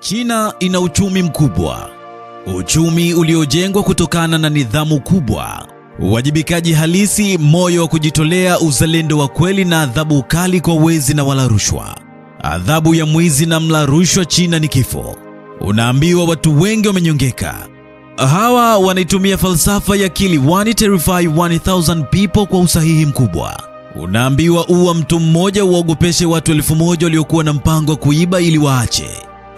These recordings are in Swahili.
China ina uchumi mkubwa, uchumi uliojengwa kutokana na nidhamu kubwa, uwajibikaji halisi, moyo wa kujitolea, uzalendo wa kweli na adhabu kali kwa wezi na wala rushwa. Adhabu ya mwizi na mla rushwa China ni kifo. Unaambiwa watu wengi wamenyongeka. Hawa wanaitumia falsafa ya kili one terrify 1000 people kwa usahihi mkubwa. Unaambiwa uwa mtu mmoja uwaogopeshe watu elfu moja waliokuwa na mpango wa kuiba ili waache.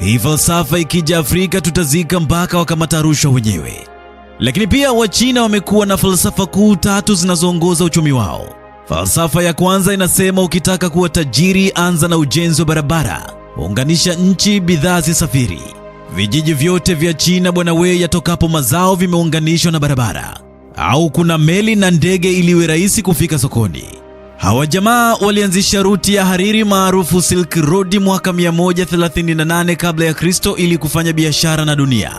Hii falsafa ikija Afrika tutazika mpaka wakamata rushwa wenyewe. Lakini pia Wachina wamekuwa na falsafa kuu tatu zinazoongoza uchumi wao. Falsafa ya kwanza inasema ukitaka kuwa tajiri, anza na ujenzi wa barabara, unganisha nchi, bidhaa zisafiri. Vijiji vyote vya China bwana we, yatokapo mazao vimeunganishwa na barabara, au kuna meli na ndege iliwe rahisi kufika sokoni. Hawa jamaa walianzisha ruti ya hariri maarufu Silk Road mwaka 138 kabla ya Kristo ili kufanya biashara na dunia.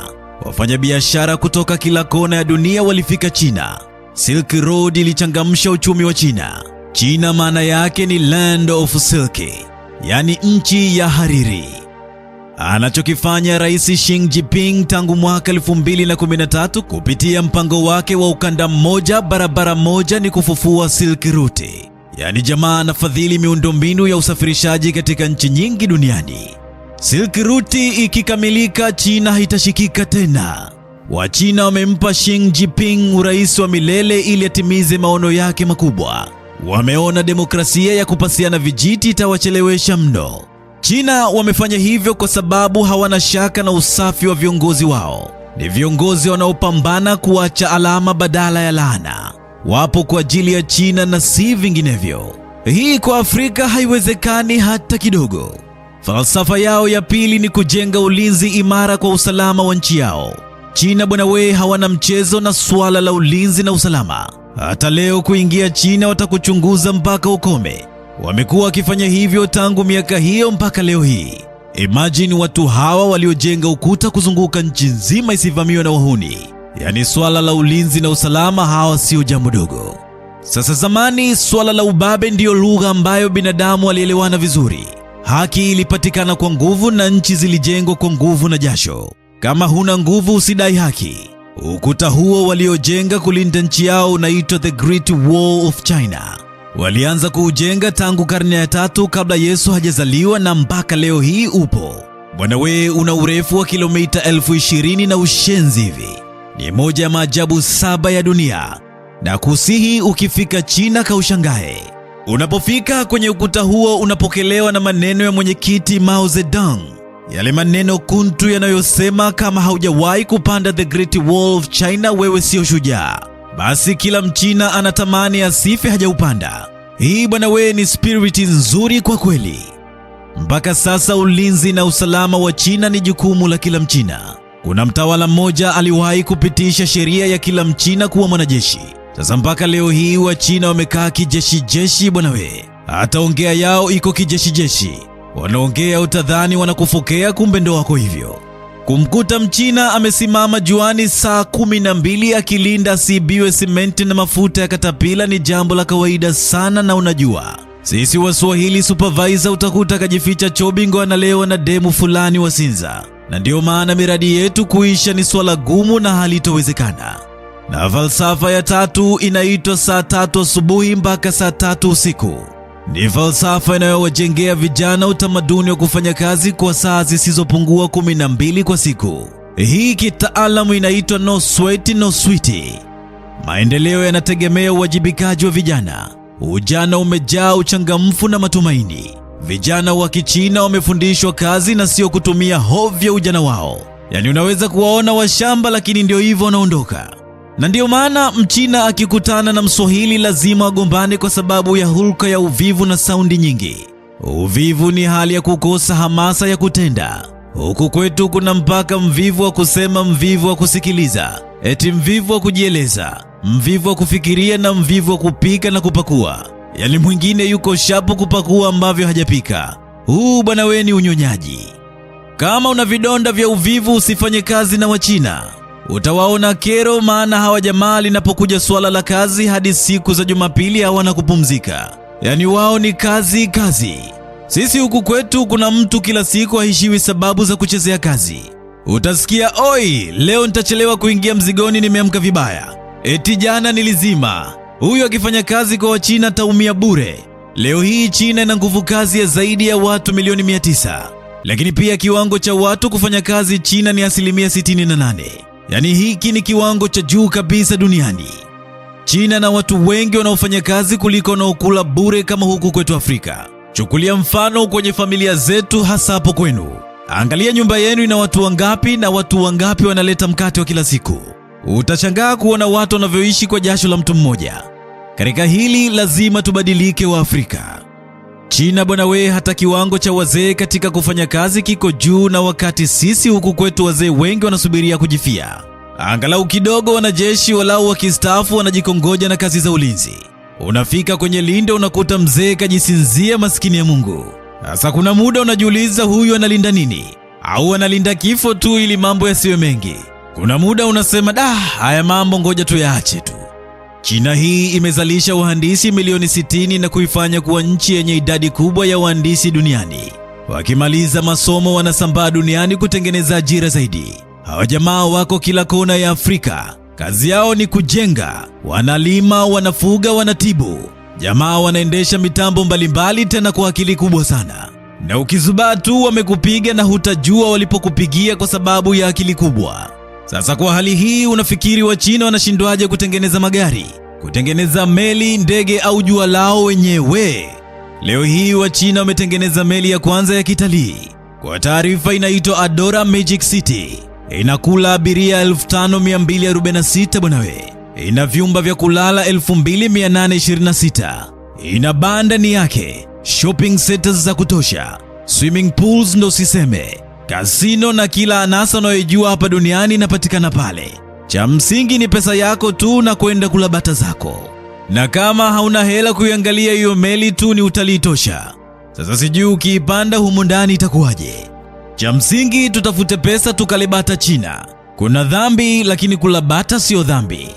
Wafanyabiashara kutoka kila kona ya dunia walifika China. Silk Road ilichangamsha uchumi wa China. China maana yake ni land of silk, yaani nchi ya hariri. Anachokifanya Rais Xi Jinping tangu mwaka 2013 kupitia mpango wake wa ukanda mmoja barabara moja ni kufufua Silk Route yaani jamaa anafadhili miundombinu ya usafirishaji katika nchi nyingi duniani. Silk Route ikikamilika, China itashikika tena. Wachina wamempa Xi Jinping urais wa milele ili atimize maono yake makubwa. Wameona demokrasia ya kupasiana vijiti itawachelewesha mno. China wamefanya hivyo kwa sababu hawana shaka na usafi wa viongozi wao. Ni viongozi wanaopambana kuacha alama badala ya laana wapo kwa ajili ya China na si vinginevyo. Hii kwa Afrika haiwezekani hata kidogo. Falsafa yao ya pili ni kujenga ulinzi imara kwa usalama wa nchi yao. China bwana we, hawana mchezo na suala la ulinzi na usalama. Hata leo kuingia China watakuchunguza mpaka ukome. Wamekuwa wakifanya hivyo tangu miaka hiyo mpaka leo hii. Imagine watu hawa waliojenga ukuta kuzunguka nchi nzima isivamiwe na wahuni yaani swala la ulinzi na usalama, hawa sio jambo dogo. Sasa zamani, swala la ubabe ndiyo lugha ambayo binadamu walielewana vizuri. Haki ilipatikana kwa nguvu na nchi zilijengwa kwa nguvu na jasho. Kama huna nguvu, usidai haki. Ukuta huo waliojenga kulinda nchi yao unaitwa The Great Wall of China. Walianza kuujenga tangu karne ya tatu kabla Yesu hajazaliwa na mpaka leo hii upo. Bwana we, una urefu wa kilomita elfu ishirini na ushenzi hivi ni moja ya maajabu saba ya dunia, na kusihi ukifika China kaushangae. Unapofika kwenye ukuta huo, unapokelewa na maneno ya mwenyekiti Mao Zedong, yale maneno kuntu yanayosema kama haujawahi kupanda the Great Wall of China, wewe sio shujaa. Basi kila mchina anatamani asife hajaupanda. Hii bwana, wewe ni spiriti nzuri kwa kweli. Mpaka sasa ulinzi na usalama wa China ni jukumu la kila mchina. Kuna mtawala mmoja aliwahi kupitisha sheria ya kila mchina kuwa mwanajeshi. Sasa mpaka leo hii wachina wamekaa kijeshijeshi bwana we, hata ongea yao iko kijeshijeshi. Wanaongea utadhani wanakufokea, kumbe ndo wako hivyo. Kumkuta mchina amesimama juani saa kumi na mbili akilinda asiibiwe simenti na mafuta ya katapila ni jambo la kawaida sana, na unajua sisi waswahili supervisor utakuta akajificha chobingo, analewa na demu fulani wa Sinza na ndiyo maana miradi yetu kuisha ni swala gumu na halitowezekana. Na falsafa ya tatu inaitwa saa tatu asubuhi mpaka saa tatu usiku. Ni falsafa inayowajengea vijana utamaduni wa kufanya kazi kwa saa zisizopungua kumi na mbili kwa siku. Hii kitaalamu inaitwa no sweat no sweat. Maendeleo yanategemea uwajibikaji wa vijana. Ujana umejaa uchangamfu na matumaini. Vijana wa Kichina wamefundishwa kazi na sio kutumia hovyo ujana wao. Yaani unaweza kuwaona washamba, lakini ndio hivyo wanaondoka. Na ndiyo maana Mchina akikutana na Mswahili lazima wagombane kwa sababu ya hulka ya uvivu na saundi nyingi. Uvivu ni hali ya kukosa hamasa ya kutenda. Huku kwetu kuna mpaka mvivu wa kusema, mvivu wa kusikiliza, eti mvivu wa kujieleza, mvivu wa kufikiria na mvivu wa kupika na kupakua yani mwingine yuko shapo kupakua ambavyo hajapika. Huu bwana wewe ni unyonyaji. Kama una vidonda vya uvivu usifanye kazi na Wachina, utawaona kero, maana hawa jamaa linapokuja suala la kazi, hadi siku za Jumapili hawana kupumzika. Yaani wao ni kazi kazi. Sisi huku kwetu kuna mtu kila siku haishiwi sababu za kuchezea kazi. Utasikia oi, leo nitachelewa kuingia mzigoni, nimeamka vibaya, eti jana nilizima, Huyu akifanya kazi kwa Wachina ataumia bure. Leo hii China ina nguvu kazi ya zaidi ya watu milioni 900, lakini pia kiwango cha watu kufanya kazi China ni asilimia 68. Yaani hiki ni kiwango cha juu kabisa duniani. China na watu wengi wanaofanya kazi kuliko wanaokula bure kama huku kwetu Afrika. Chukulia mfano kwenye familia zetu, hasa hapo kwenu. Angalia nyumba yenu ina watu wangapi na watu wangapi wanaleta mkate wa kila siku. Utashangaa kuona watu wanavyoishi kwa jasho la mtu mmoja. Katika hili lazima tubadilike wa Afrika. China bwana wee, hata kiwango cha wazee katika kufanya kazi kiko juu, na wakati sisi huku kwetu wazee wengi wanasubiria kujifia. Angalau kidogo wanajeshi walau wakistaafu wanajikongoja na kazi za ulinzi. Unafika kwenye lindo unakuta mzee kajisinzia, maskini ya Mungu. Sasa kuna muda unajiuliza, huyu analinda nini? Au analinda kifo tu ili mambo yasiwe mengi? Kuna muda unasema da, haya mambo ngoja tuyaache tu. China hii imezalisha wahandisi milioni 60 na kuifanya kuwa nchi yenye idadi kubwa ya wahandisi duniani. Wakimaliza masomo wanasambaa duniani kutengeneza ajira zaidi. Hawa jamaa wako kila kona ya Afrika. Kazi yao ni kujenga, wanalima, wanafuga, wanatibu. Jamaa wanaendesha mitambo mbalimbali tena kwa akili kubwa sana. Na ukizubaa tu wamekupiga na hutajua walipokupigia kwa sababu ya akili kubwa. Sasa kwa hali hii, unafikiri Wachina wanashindwaje kutengeneza magari, kutengeneza meli, ndege au jua lao wenyewe? Leo hii Wachina wametengeneza meli ya kwanza ya kitalii. Kwa taarifa, inaitwa Adora Magic City. Inakula abiria 5246 bwanawe. Ina vyumba vya kulala 2826. Ina baa ndani yake, shopping centers za kutosha, swimming pools ndo siseme Kasino na kila anasa unayojua hapa duniani inapatikana pale. Cha msingi ni pesa yako tu na kwenda kula bata zako, na kama hauna hela kuiangalia hiyo meli tu ni utalii tosha. Sasa sijui ukiipanda humo ndani itakuwaje? Cha msingi tutafute pesa tukale bata China. Kuna dhambi, lakini kula bata siyo dhambi.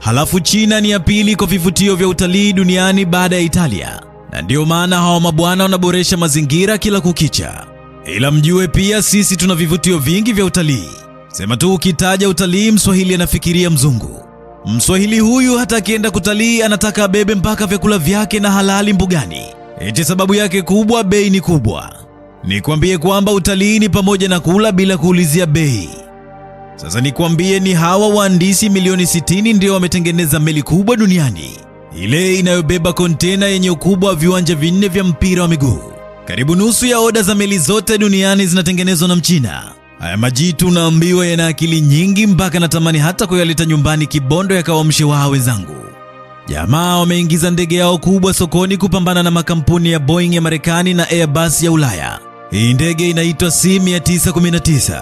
Halafu China ni ya pili kwa vivutio vya utalii duniani baada ya Italia, na ndiyo maana hawa mabwana wanaboresha mazingira kila kukicha. Ila mjue pia sisi tuna vivutio vingi vya utalii. Sema tu ukitaja utalii, Mswahili anafikiria mzungu. Mswahili huyu hata akienda kutalii anataka abebe mpaka vyakula vyake na halali mbugani. Eti sababu yake kubwa, bei ni kubwa. Nikwambie kwamba utalii ni pamoja na kula bila kuulizia bei. Sasa nikwambie, ni hawa wahandisi milioni 60 ndio wametengeneza meli kubwa duniani, ile inayobeba kontena yenye ukubwa wa viwanja vinne vya mpira wa miguu. Karibu nusu ya oda za meli zote duniani zinatengenezwa na Mchina. Haya majitu unaambiwa yana akili nyingi, mpaka natamani hata kuyaleta nyumbani Kibondo yakawamshe waa wenzangu. Jamaa wameingiza ndege yao kubwa sokoni kupambana na makampuni ya Boeing ya Marekani na Airbus ya Ulaya. Hii ndege inaitwa C919.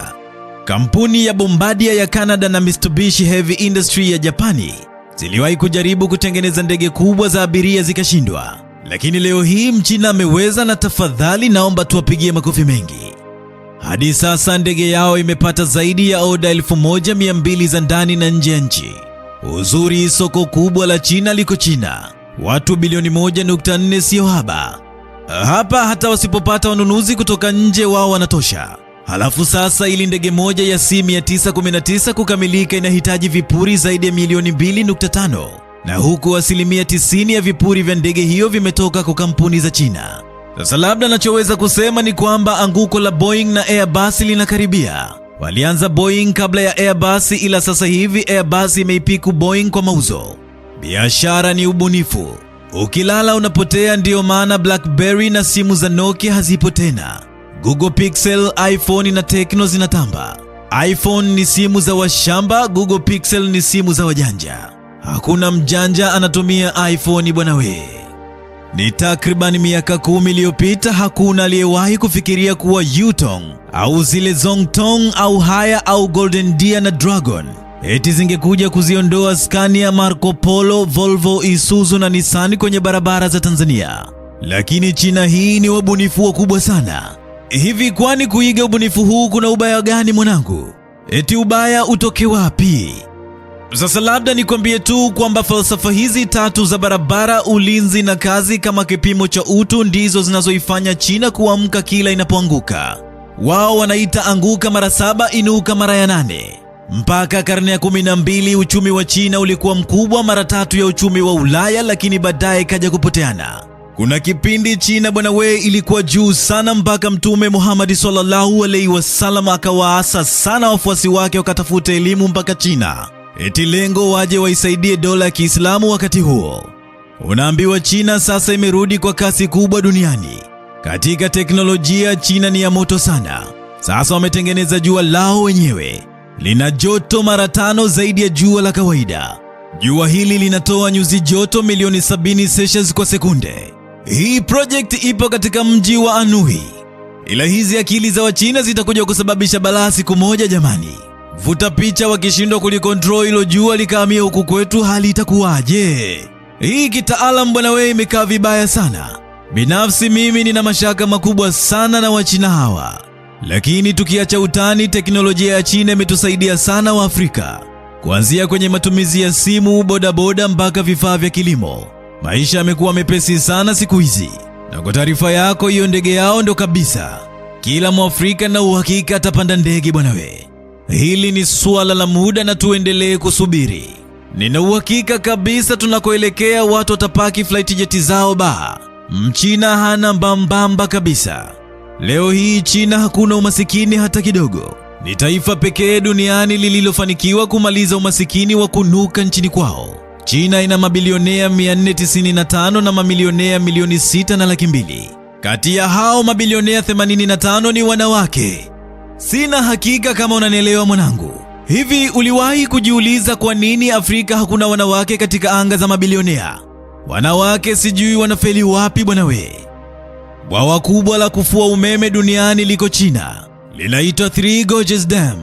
Kampuni ya Bombardier ya Canada na Mitsubishi Heavy Industry ya Japani ziliwahi kujaribu kutengeneza ndege kubwa za abiria zikashindwa lakini leo hii Mchina ameweza, na tafadhali naomba tuwapigie makofi mengi. Hadi sasa ndege yao imepata zaidi ya oda 1200 za ndani na nje ya nchi. Uzuri, soko kubwa la China liko China, watu bilioni 1.4 siyo haba. Hapa hata wasipopata wanunuzi kutoka nje, wao wanatosha. Halafu sasa, ili ndege moja ya C919 kukamilika inahitaji vipuri zaidi ya milioni 2.5 na huku asilimia 90 ya vipuri vya ndege hiyo vimetoka kwa kampuni za China. Sasa labda anachoweza kusema ni kwamba anguko la Boeing na Airbus linakaribia. Walianza Boeing kabla ya Airbus, ila sasa hivi Airbus imeipiku Boeing kwa mauzo. Biashara ni ubunifu, ukilala unapotea. Ndiyo maana BlackBerry na simu za Nokia hazipo tena. Google Pixel, iPhone na Tecno zinatamba. iPhone ni simu za washamba, Google Pixel ni simu za wajanja. Hakuna mjanja anatumia iPhone bwana we. Ni takriban miaka kumi iliyopita hakuna aliyewahi kufikiria kuwa Yutong au zile Zongtong au Haya au Golden Deer na Dragon eti zingekuja kuziondoa Scania, Marco Polo, Volvo, Isuzu na Nissan kwenye barabara za Tanzania. Lakini China hii ni wabunifu wakubwa sana. Hivi kwani kuiga ubunifu huu kuna ubaya gani mwanangu? Eti ubaya utoke wapi? Sasa labda nikwambie tu kwamba falsafa hizi tatu za barabara, ulinzi na kazi kama kipimo cha utu ndizo zinazoifanya China kuamka kila inapoanguka. Wao wanaita anguka mara saba, inuka mara ya nane. Mpaka karne ya mbili uchumi wa China ulikuwa mkubwa mara tatu ya uchumi wa Ulaya, lakini baadaye kaja kupoteana. Kuna kipindi China bwana we ilikuwa juu sana mpaka Mtume Muhammad sallallahu alaihi wasallam akawaasa sana wafuasi wake wakatafuta elimu mpaka China eti lengo waje waisaidie dola ya Kiislamu. Wakati huo unaambiwa China sasa imerudi kwa kasi kubwa duniani katika teknolojia. China ni ya moto sana. Sasa wametengeneza jua lao wenyewe, lina joto mara tano zaidi ya jua la kawaida. Jua hili linatoa nyuzi joto milioni 70 celsius kwa sekunde. Hii project ipo katika mji wa Anhui, ila hizi akili za Wachina zitakuja kusababisha balaa siku moja jamani vuta picha, wakishindwa kulikontrol hilo jua likahamia huku kwetu, hali itakuwaje? Hii kitaalamu bwana wewe, imekaa vibaya sana. Binafsi mimi nina mashaka makubwa sana na Wachina hawa, lakini tukiacha utani, teknolojia ya China imetusaidia sana Waafrika, kuanzia kwenye matumizi ya simu, bodaboda mpaka vifaa vya kilimo. Maisha yamekuwa mepesi sana siku hizi, na kwa taarifa yako, hiyo ndege yao ndo kabisa. Kila Mwafrika na uhakika atapanda ndege bwana we. Hili ni suala la muda na tuendelee kusubiri. Nina uhakika kabisa tunakoelekea watu watapaki flight jeti zao ba. Mchina hana mbambamba kabisa. Leo hii China hakuna umasikini hata kidogo. Ni taifa pekee duniani lililofanikiwa kumaliza umasikini wa kunuka nchini kwao. China ina mabilionea 495 na mamilionea milioni 6 na laki mbili. Kati ya hao mabilionea 85 ni wanawake. Sina hakika kama unanielewa mwanangu. Hivi uliwahi kujiuliza kwa nini Afrika hakuna wanawake katika anga za mabilionea? Wanawake sijui wanafeli wapi bwana we. Bwawa kubwa la kufua umeme duniani liko China, linaitwa Three Gorges Dam.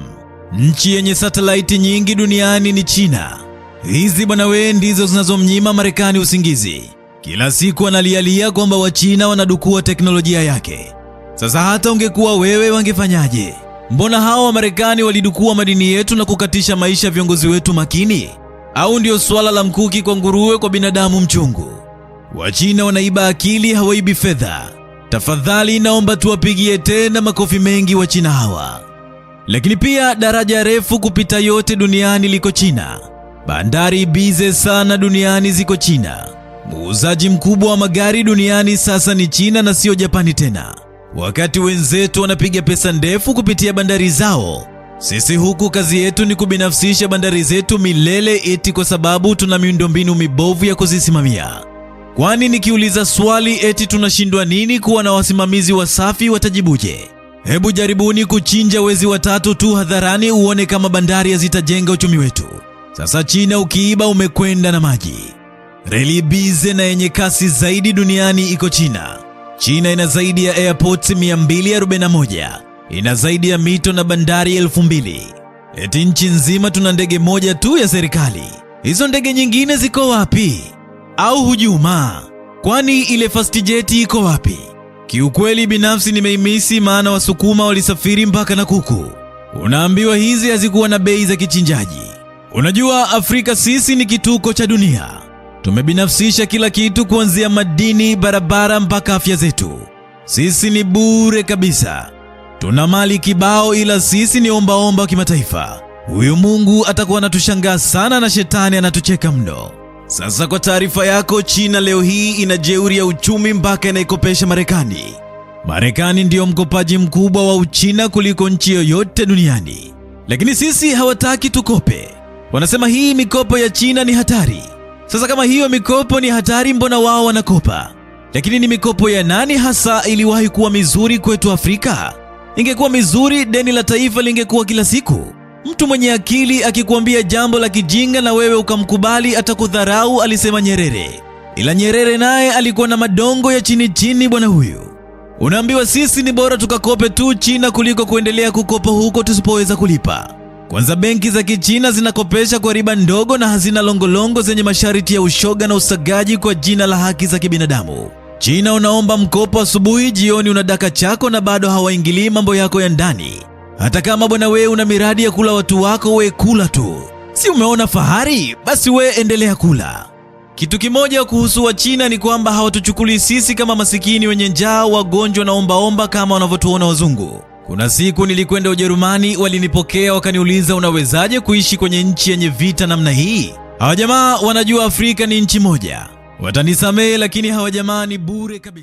Nchi yenye satelaiti nyingi duniani ni China. Hizi bwana we ndizo zinazomnyima Marekani usingizi. Kila siku analialia kwamba Wachina wanadukua teknolojia yake. Sasa hata ungekuwa wewe, wangefanyaje? Mbona hao Wamarekani walidukua madini yetu na kukatisha maisha ya viongozi wetu makini? Au ndio suala la mkuki kwa nguruwe kwa binadamu mchungu? Wachina wanaiba akili, hawaibi fedha. Tafadhali naomba tuwapigie tena makofi mengi Wachina hawa. Lakini pia daraja refu kupita yote duniani liko China. Bandari bize sana duniani ziko China. Muuzaji mkubwa wa magari duniani sasa ni China na sio Japani tena. Wakati wenzetu wanapiga pesa ndefu kupitia bandari zao, sisi huku kazi yetu ni kubinafsisha bandari zetu milele, eti kwa sababu tuna miundombinu mibovu ya kuzisimamia. Kwani nikiuliza swali eti tunashindwa nini kuwa na wasimamizi wasafi, watajibuje? Hebu jaribuni kuchinja wezi watatu tu hadharani uone kama bandari hazitajenga uchumi wetu. Sasa China ukiiba umekwenda na maji. Reli bize na yenye kasi zaidi duniani iko China. China ina zaidi ya airport 241, ina zaidi ya mito na bandari 2000. Eti nchi nzima tuna ndege moja tu ya serikali. Hizo ndege nyingine ziko wapi? Au hujuma? Kwani ile fast jet iko wapi? Kiukweli binafsi nimeimisi, maana Wasukuma walisafiri mpaka na kuku. Unaambiwa hizi hazikuwa na bei za kichinjaji. Unajua Afrika sisi ni kituko cha dunia. Tumebinafsisha kila kitu, kuanzia madini, barabara mpaka afya zetu. Sisi ni bure kabisa. Tuna mali kibao, ila sisi ni ombaomba wa kimataifa. Huyu Mungu atakuwa anatushangaa sana na shetani anatucheka mno. Sasa kwa taarifa yako, China leo hii ina jeuri ya uchumi mpaka inaikopesha Marekani. Marekani ndiyo mkopaji mkubwa wa Uchina kuliko nchi yoyote duniani, lakini sisi hawataki tukope. Wanasema hii mikopo ya China ni hatari. Sasa kama hiyo mikopo ni hatari, mbona wao wanakopa? Lakini ni mikopo ya nani hasa iliwahi kuwa mizuri kwetu Afrika? Ingekuwa mizuri, deni la taifa lingekuwa kila siku. Mtu mwenye akili akikuambia jambo la kijinga na wewe ukamkubali, atakudharau, alisema Nyerere. Ila Nyerere naye alikuwa na madongo ya chini chini, bwana huyu. Unaambiwa sisi ni bora tukakope tu China kuliko kuendelea kukopa huko tusipoweza kulipa. Kwanza, benki za Kichina zinakopesha kwa riba ndogo na hazina longolongo zenye masharti ya ushoga na usagaji kwa jina la haki za kibinadamu. China unaomba mkopo asubuhi, jioni unadaka chako na bado hawaingilii mambo yako ya ndani. Hata kama bwana wewe una miradi ya kula watu wako, we kula tu. Si umeona fahari? Basi we endelea kula. Kitu kimoja kuhusu wa china ni kwamba hawatuchukulii sisi kama masikini wenye njaa, wagonjwa na ombaomba kama wanavyotuona wazungu. Kuna siku nilikwenda Ujerumani, walinipokea wakaniuliza, unawezaje kuishi kwenye nchi yenye vita namna hii? Hawa jamaa wanajua Afrika ni nchi moja, watanisamehe lakini hawa jamaa ni bure kabisa.